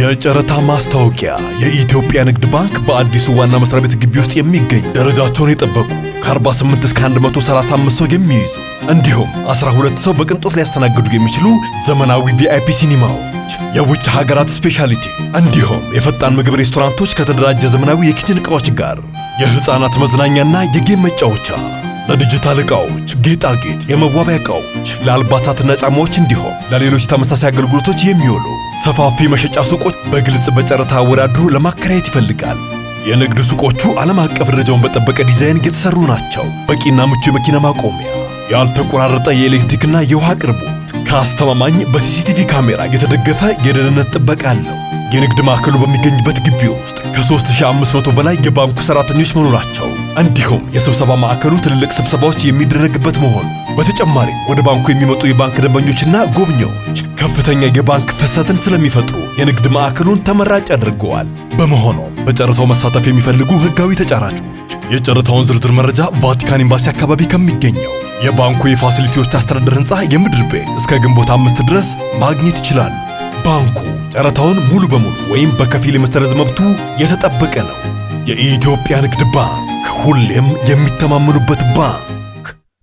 የጨረታ ማስታወቂያ የኢትዮጵያ ንግድ ባንክ በአዲሱ ዋና መስሪያ ቤት ግቢ ውስጥ የሚገኝ ደረጃቸውን የጠበቁ ከ48 እስከ 135 ሰው የሚይዙ እንዲሁም 12 ሰው በቅንጦት ሊያስተናግዱ የሚችሉ ዘመናዊ ቪአይፒ ሲኒማዎች፣ የውጭ ሀገራት ስፔሻሊቲ እንዲሁም የፈጣን ምግብ ሬስቶራንቶች ከተደራጀ ዘመናዊ የኪችን እቃዎች ጋር የህፃናት መዝናኛና የጌም መጫወቻ ለዲጂታል እቃዎች ጌጣጌጥ፣ የመዋቢያ እቃዎች ለአልባሳትና ጫማዎች እንዲሁም ለሌሎች ተመሳሳይ አገልግሎቶች የሚውሉ ሰፋፊ መሸጫ ሱቆች በግልጽ በጨረታ አወዳድሮ ለማከራየት ይፈልጋል። የንግድ ሱቆቹ ዓለም አቀፍ ደረጃውን በጠበቀ ዲዛይን የተሰሩ ናቸው። በቂና ምቹ የመኪና ማቆሚያ፣ ያልተቆራረጠ የኤሌክትሪክና የውሃ አቅርቦት፣ ከአስተማማኝ በሲሲቲቪ ካሜራ የተደገፈ የደህንነት ጥበቃ አለው። የንግድ ማዕከሉ በሚገኝበት ግቢ ከ3500 በላይ የባንኩ ሰራተኞች መኖራቸው እንዲሁም የስብሰባ ማዕከሉ ትልልቅ ስብሰባዎች የሚደረግበት መሆኑ በተጨማሪም ወደ ባንኩ የሚመጡ የባንክ ደንበኞችና ጎብኚዎች ከፍተኛ የባንክ ፍሰትን ስለሚፈጥሩ የንግድ ማዕከሉን ተመራጭ አድርገዋል። በመሆኑም በጨረታው መሳተፍ የሚፈልጉ ህጋዊ ተጫራቾች የጨረታውን ዝርዝር መረጃ ቫቲካን ኤምባሲ አካባቢ ከሚገኘው የባንኩ የፋሲሊቲዎች አስተዳደር ህንፃ የምድር ቤት እስከ ግንቦት አምስት ድረስ ማግኘት ይችላሉ። ባንኩ ጨረታውን ሙሉ በሙሉ ወይም በከፊል የመሰረዝ መብቱ የተጠበቀ ነው። የኢትዮጵያ ንግድ ባንክ ሁሌም የሚተማመኑበት ባንክ